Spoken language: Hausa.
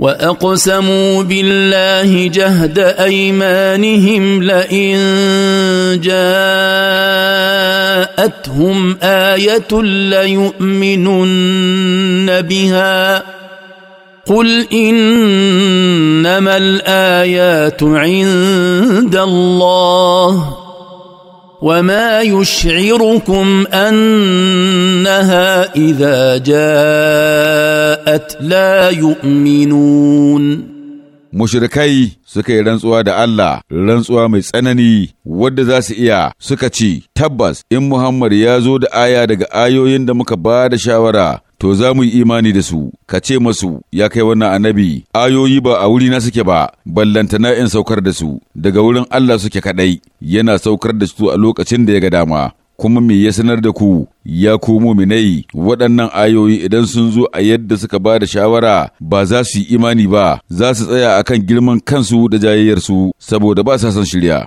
واقسموا بالله جهد ايمانهم لئن جاءتهم ايه ليؤمنن بها قل انما الايات عند الله وما يشعركم انها اذا جاءت لا يؤمنون mushrikai suka yi rantsuwa da Allah rantsuwa mai tsanani wadda za su iya suka ci tabbas in Muhammad ya zo da aya daga ayoyin da muka ba da shawara to za mu yi imani da su, ka ce masu ya kai wannan annabi, ayoyi ba a wuri na suke ba, na in saukar da su, daga wurin Allah suke kaɗai, yana saukar da su a lokacin da ya ga dama. Kuma me ya sanar da ku, ya komo muminai, waɗannan ayoyi idan sun zo a yadda suka ba da shawara ba za su yi imani ba, za su tsaya akan girman kansu da jayayyarsu saboda ba sa son shirya.